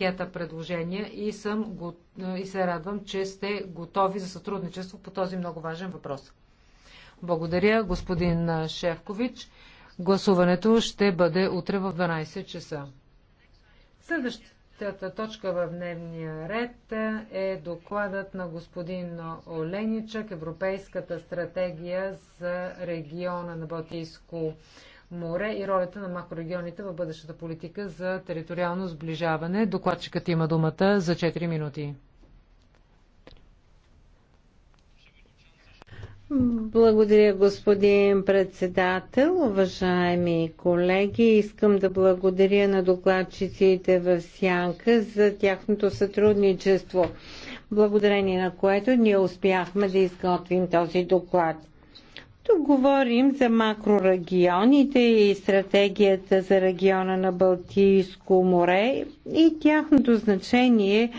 кета предложения и, съм и се радвам, че сте готови за сътрудничество по този много важен въпрос. Благодаря, господин Шевкович. Гласуването ще бъде утре в 12 часа. Следващата точка в дневния ред е докладът на господин Оленичък, Европейската стратегия за региона на Балтийско море и ролята на макрорегионите в бъдещата политика за териториално сближаване. Докладчикът има думата за 4 минути. Благодаря, господин председател. Уважаеми колеги, искам да благодаря на докладчиците в Сянка за тяхното сътрудничество, благодарение на което ние успяхме да изготвим този доклад. Тук говорим за макрорегионите и стратегията за региона на Балтийско море и тяхното значение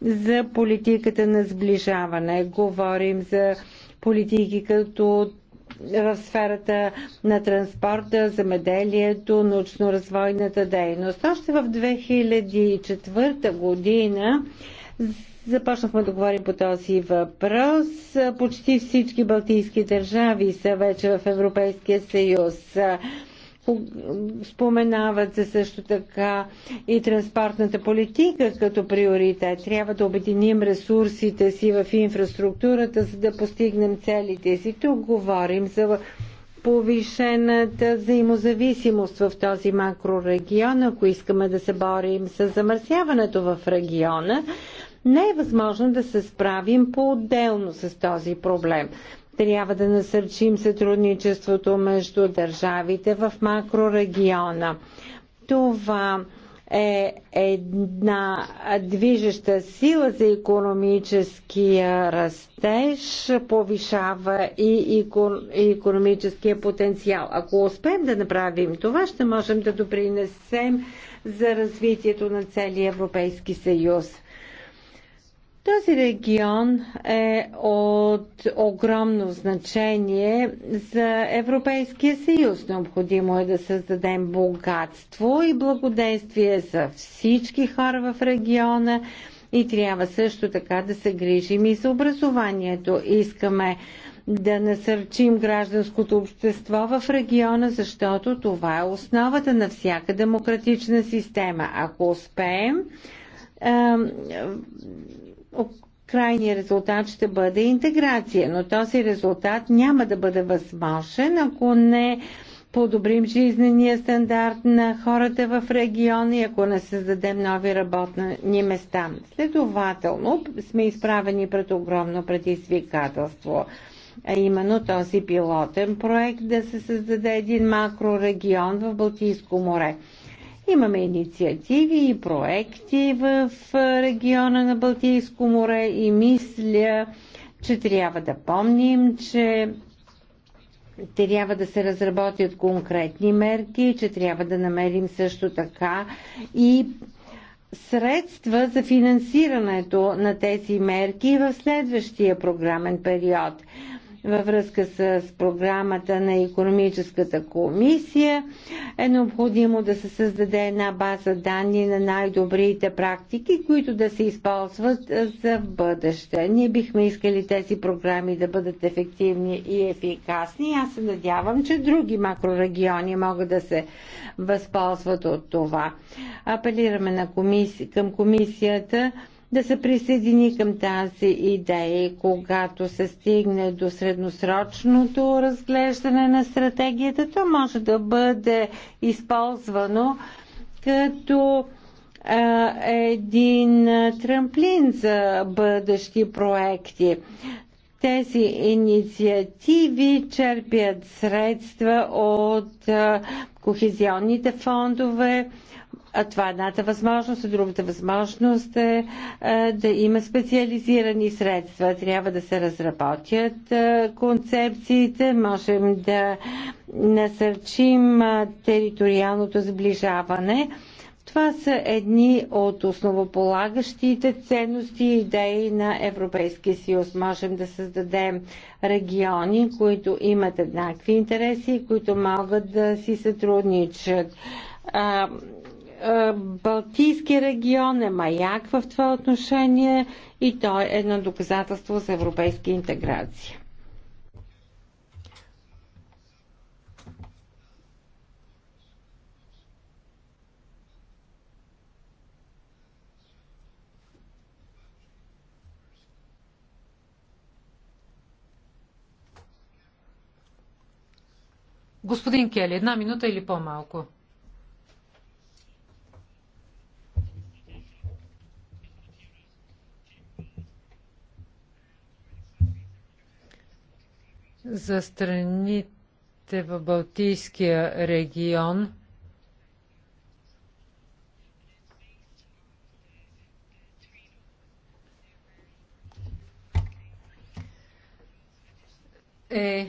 за политиката на сближаване. Говорим за политики като в сферата на транспорта, замеделието, научно-развойната дейност. Още в 2004 година Започнахме да говорим по този въпрос. Почти всички балтийски държави са вече в Европейския съюз. Споменават се също така и транспортната политика като приоритет. Трябва да обединим ресурсите си в инфраструктурата, за да постигнем целите си. Тук говорим за повишената взаимозависимост в този макрорегион, ако искаме да се борим с замърсяването в региона, не е възможно да се справим по-отделно с този проблем. Трябва да насърчим сътрудничеството между държавите в макрорегиона. Това е една движеща сила за економическия растеж, повишава и економическия потенциал. Ако успеем да направим това, ще можем да допринесем за развитието на целия Европейски съюз. Този регион е от огромно значение за Европейския съюз. Необходимо е да създадем богатство и благодействие за всички хора в региона и трябва също така да се грижим и за образованието. Искаме да насърчим гражданското общество в региона, защото това е основата на всяка демократична система. Ако успеем, крайният резултат ще бъде интеграция, но този резултат няма да бъде възможен, ако не подобрим жизнения стандарт на хората в региона и ако не създадем нови работни места. Следователно сме изправени пред огромно предизвикателство а именно този пилотен проект да се създаде един макрорегион в Балтийско море. Имаме инициативи и проекти в региона на Балтийско море и мисля, че трябва да помним, че трябва да се разработят конкретни мерки, че трябва да намерим също така и средства за финансирането на тези мерки в следващия програмен период във връзка с програмата на економическата комисия. Е необходимо да се създаде една база данни на най-добрите практики, които да се използват е, за в бъдеще. Ние бихме искали тези програми да бъдат ефективни и ефикасни. Аз се надявам, че други макрорегиони могат да се възползват от това. Апелираме на комисия, към комисията да се присъедини към тази идея когато се стигне до средносрочното разглеждане на стратегията, то може да бъде използвано като а, един трамплин за бъдещи проекти. Тези инициативи черпят средства от а, кохезионните фондове, а това е едната възможност, а другата възможност е, е да има специализирани средства. Трябва да се разработят е, концепциите, можем да насърчим е, териториалното сближаване. Това са едни от основополагащите ценности и идеи на Европейския съюз. Можем да създадем региони, които имат еднакви интереси и които могат да си сътрудничат. Е, Балтийски регион е маяк в това отношение и то е едно доказателство за европейска интеграция. Господин Кели, една минута или по-малко. За страните в Балтийския регион е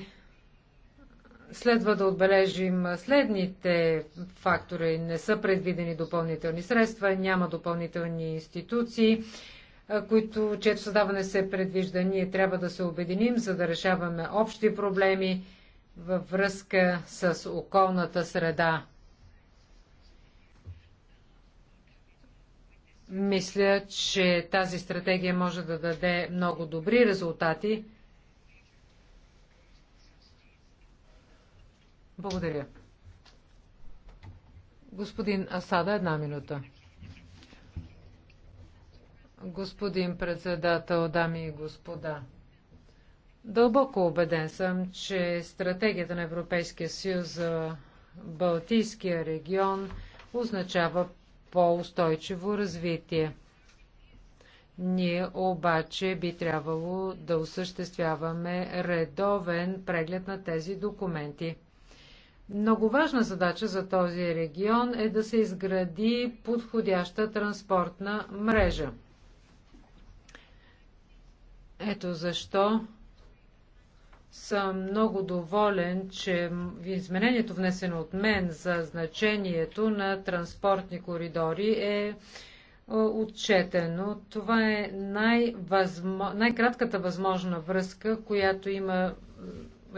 следва да отбележим следните фактори. Не са предвидени допълнителни средства, няма допълнителни институции, които, чието създаване се предвижда. Ние трябва да се обединим, за да решаваме общи проблеми във връзка с околната среда. Мисля, че тази стратегия може да даде много добри резултати. Благодаря. Господин Асада, една минута. Господин председател, дами и господа, дълбоко убеден съм, че стратегията на Европейския съюз за Балтийския регион означава по-устойчиво развитие. Ние обаче би трябвало да осъществяваме редовен преглед на тези документи. Много важна задача за този регион е да се изгради подходяща транспортна мрежа. Ето защо съм много доволен, че изменението внесено от мен за значението на транспортни коридори е, е отчетено. Това е най-възмо... най-кратката възможна връзка, която има е,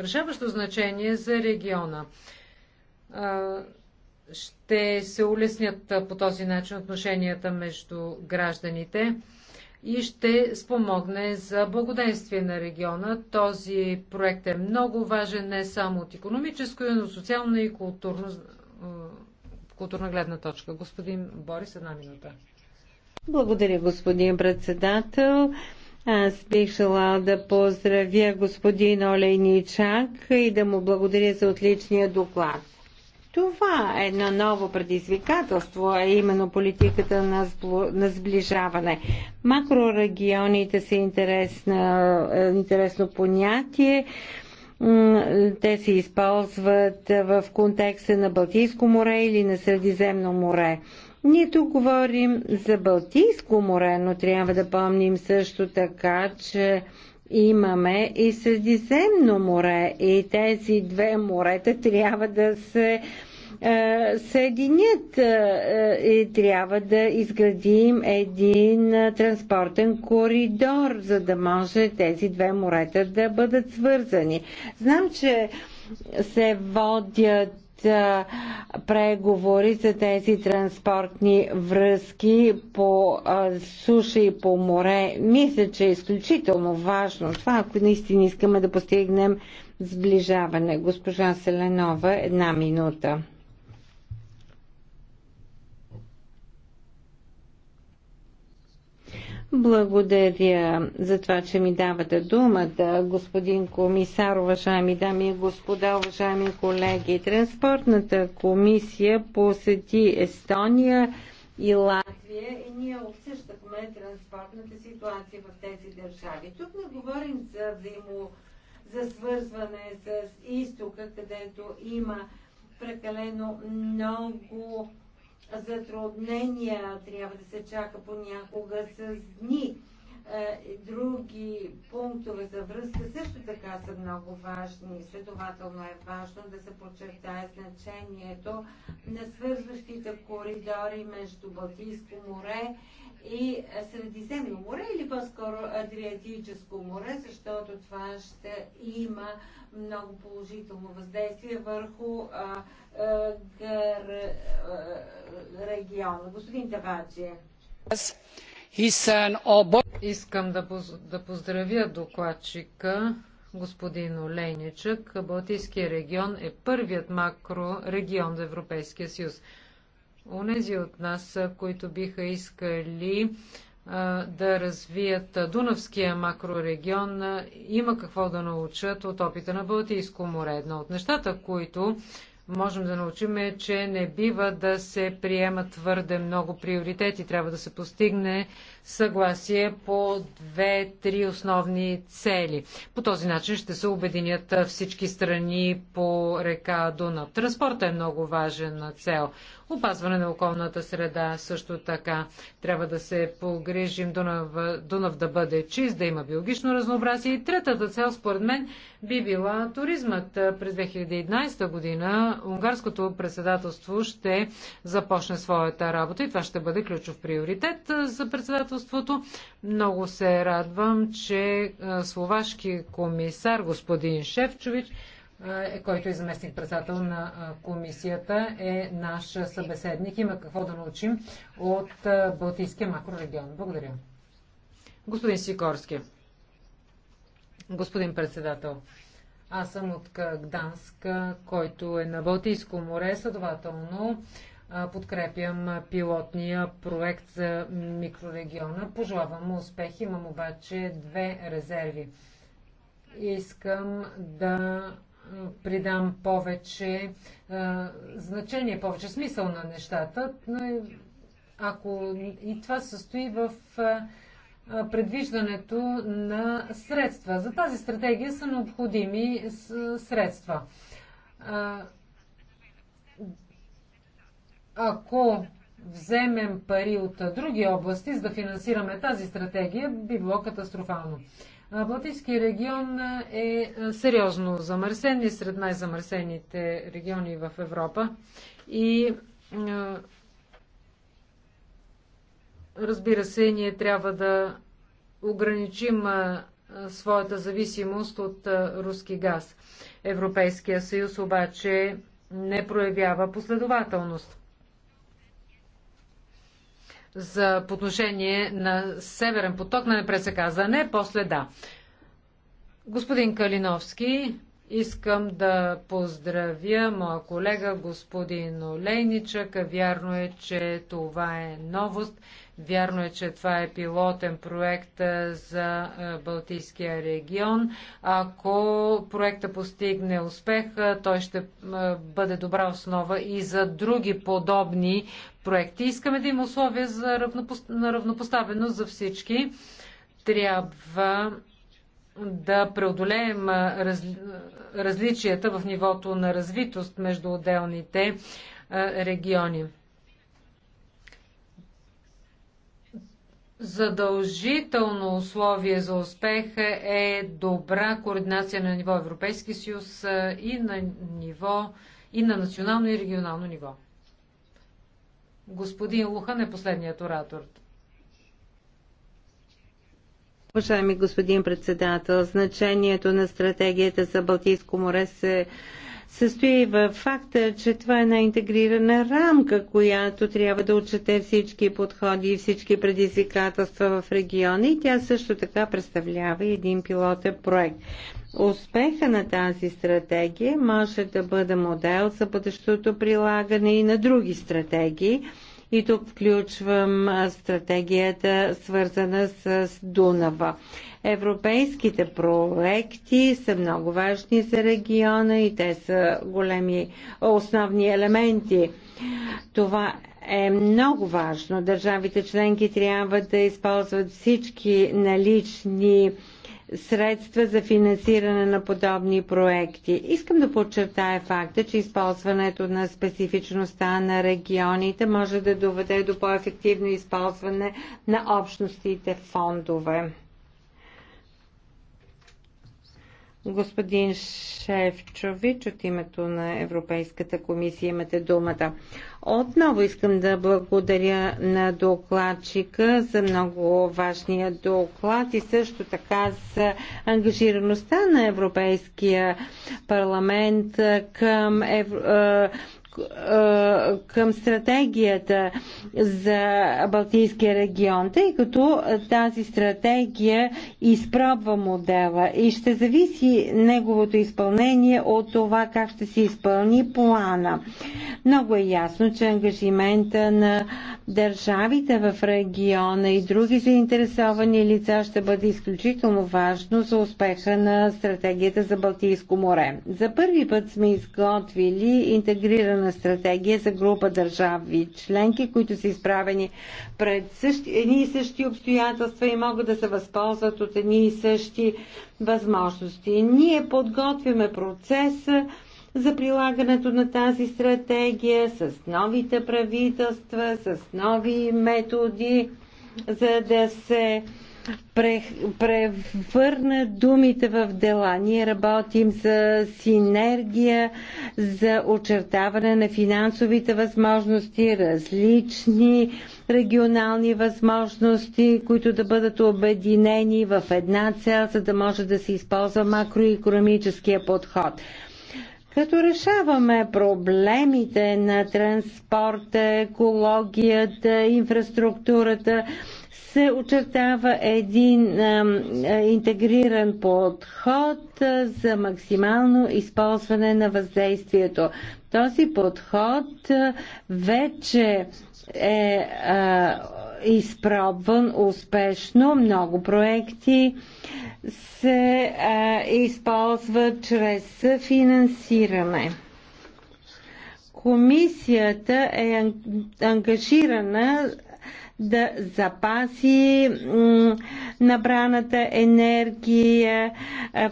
решаващо значение за региона. Е, ще се улеснят по този начин отношенията между гражданите и ще спомогне за благоденствие на региона. Този проект е много важен не само от економическо, но социално и културно, културна гледна точка. Господин Борис, една минута. Благодаря, господин председател. Аз бих желал да поздравя господин Олейничак и да му благодаря за отличния доклад. Това е едно ново предизвикателство, а именно политиката на, сбло, на сближаване. Макрорегионите са интересна, е, интересно понятие. Те се използват в контекста на Балтийско море или на Средиземно море. Ние тук говорим за Балтийско море, но трябва да помним също така, че имаме и Средиземно море. И тези две морета трябва да се е, съединят е, е, и трябва да изградим един транспортен коридор, за да може тези две морета да бъдат свързани. Знам, че се водят преговори за тези транспортни връзки по суша и по море. Мисля, че е изключително важно това, ако наистина искаме да постигнем сближаване. Госпожа Селенова, една минута. Благодаря за това, че ми давате думата, господин комисар, уважаеми дами и господа, уважаеми колеги. Транспортната комисия посети Естония и Латвия и ние обсъждахме транспортната ситуация в тези държави. Тук не говорим за взаимо за свързване с изтока, където има прекалено много затруднения, трябва да се чака понякога с дни. Е, други пунктове за връзка също така са много важни. Следователно е важно да се подчертае значението на свързващите коридори между Балтийско море и Средиземно море или по-скоро Адриатическо море, защото това ще има много положително въздействие върху а, а, гър, а, региона. Господин Таваджи. Oh, Искам да, да поздравя докладчика господин Олейничък. Балтийския регион е първият макрорегион в Европейския съюз. Онези от нас, които биха искали да развият Дунавския макрорегион, има какво да научат от опита на Балтийско море. Едно от нещата, които можем да научим е, че не бива да се приемат твърде много приоритети. Трябва да се постигне съгласие по две-три основни цели. По този начин ще се обединят всички страни по река Дунав. Транспорта е много важен цел. Опазване на околната среда също така. Трябва да се погрижим Дунав, Дунав да бъде чист, да има биологично разнообразие. И третата цел, според мен, би била туризмът. През 2011 година унгарското председателство ще започне своята работа и това ще бъде ключов приоритет за председателството. Много се радвам, че словашки комисар господин Шевчович е, който е заместник председател на комисията, е наш събеседник. Има какво да научим от Балтийския макрорегион. Благодаря. Господин Сикорски. Господин председател, аз съм от Гданск, който е на Балтийско море, следователно подкрепям пилотния проект за микрорегиона. Пожелавам му успех, имам обаче две резерви. Искам да придам повече значение, повече смисъл на нещата, е- ако и това състои в предвиждането на средства. За тази стратегия са необходими средства. Ако вземем пари от други области, за да финансираме тази стратегия, би било катастрофално. Балтийски регион е, е сериозно замърсен и сред най-замърсените региони в Европа. И Разбира се, ние трябва да ограничим своята зависимост от руски газ. Европейския съюз обаче не проявява последователност. За подношение отношение на Северен поток, на не се не, после да. Господин Калиновски, Искам да поздравя моя колега господин Олейничък. Вярно е, че това е новост. Вярно е, че това е пилотен проект за Балтийския регион. Ако проекта постигне успех, той ще бъде добра основа и за други подобни проекти. Искаме да има условия за равнопоставеност за всички. Трябва да преодолеем раз, различията в нивото на развитост между отделните региони. Задължително условие за успех е добра координация на ниво Европейски съюз и на ниво и на национално и регионално ниво. Господин Лухан е последният оратор. Уважаеми господин председател, значението на стратегията за Балтийско море се състои в факта, че това е една интегрирана рамка, която трябва да отчете всички подходи и всички предизвикателства в региона и тя също така представлява един пилотен проект. Успеха на тази стратегия може да бъде модел за бъдещото прилагане и на други стратегии и тук включвам стратегията свързана с Дунава. Европейските проекти са много важни за региона и те са големи основни елементи. Това е много важно. Държавите членки трябва да използват всички налични средства за финансиране на подобни проекти. Искам да подчертая факта, че използването на специфичността на регионите може да доведе до по-ефективно използване на общностите фондове. Господин Шефчович, от името на Европейската комисия имате думата. Отново искам да благодаря на докладчика за много важния доклад и също така за ангажираността на Европейския парламент към е, към стратегията за Балтийския регион, тъй като тази стратегия изпробва модела и ще зависи неговото изпълнение от това как ще се изпълни плана. Много е ясно, че ангажимента на държавите в региона и други заинтересовани лица ще бъде изключително важно за успеха на стратегията за Балтийско море. За първи път сме изготвили интегрирана на стратегия за група държави членки, които са изправени пред същи, едни и същи обстоятелства и могат да се възползват от едни и същи възможности. Ние подготвяме процеса за прилагането на тази стратегия с новите правителства, с нови методи, за да се превърна думите в дела. Ние работим за синергия, за очертаване на финансовите възможности, различни регионални възможности, които да бъдат обединени в една цел, за да може да се използва макроекономическия подход. Като решаваме проблемите на транспорта, екологията, инфраструктурата, се очертава един а, интегриран подход за максимално използване на въздействието. Този подход вече е а, изпробван успешно. Много проекти се а, използват чрез финансиране комисията е ангажирана да запаси набраната енергия.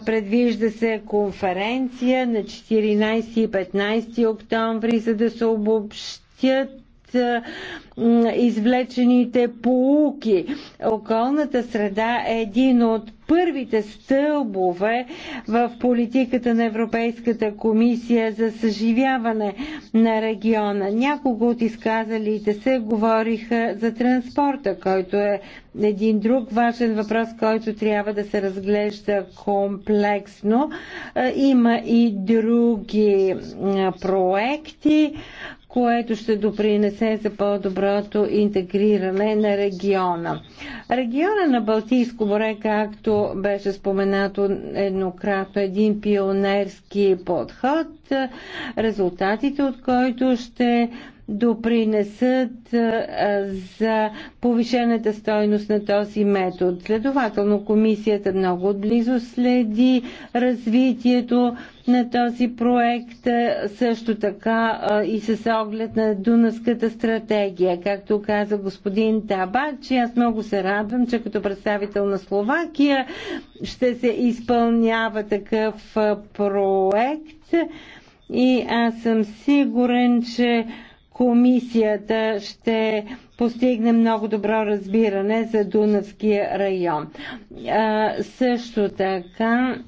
Предвижда се конференция на 14 и 15 октомври, за да се обобщят извлечените полуки. Околната среда е един от първите стълбове в политиката на Европейската комисия за съживяване на региона. Няколко от изказалите се говориха за транспорта, който е един друг важен въпрос, който трябва да се разглежда комплексно. Има и други проекти, което ще допринесе за по-доброто интегриране на региона. Региона на Балтийско море, както беше споменато еднократно, един пионерски подход, резултатите от който ще допринесат за повишената стойност на този метод. Следователно, комисията много отблизо следи развитието на този проект, също така и с оглед на Дунавската стратегия. Както каза господин Табачи, аз много се радвам, че като представител на Словакия ще се изпълнява такъв проект и аз съм сигурен, че комисията ще постигне много добро разбиране за Дунавския район. А, също така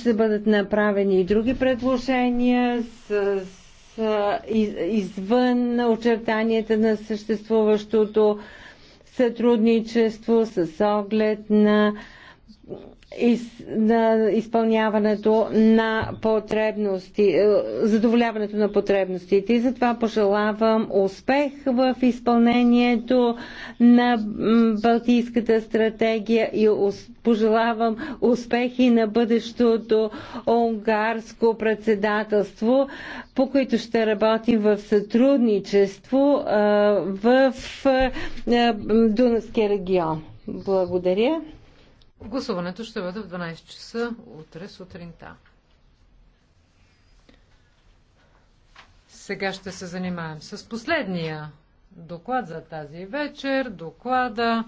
ще бъдат направени и други предложения с, с из, извън очертанията на съществуващото сътрудничество с оглед на из, на изпълняването на потребности, е, задоволяването на потребностите и затова пожелавам успех в изпълнението на Балтийската стратегия и пожелавам успехи на бъдещото унгарско председателство, по които ще работим в сътрудничество е, в е, Дунавския регион. Благодаря. Гласуването ще бъде в 12 часа утре сутринта. Сега ще се занимаем с последния доклад за тази вечер. Доклада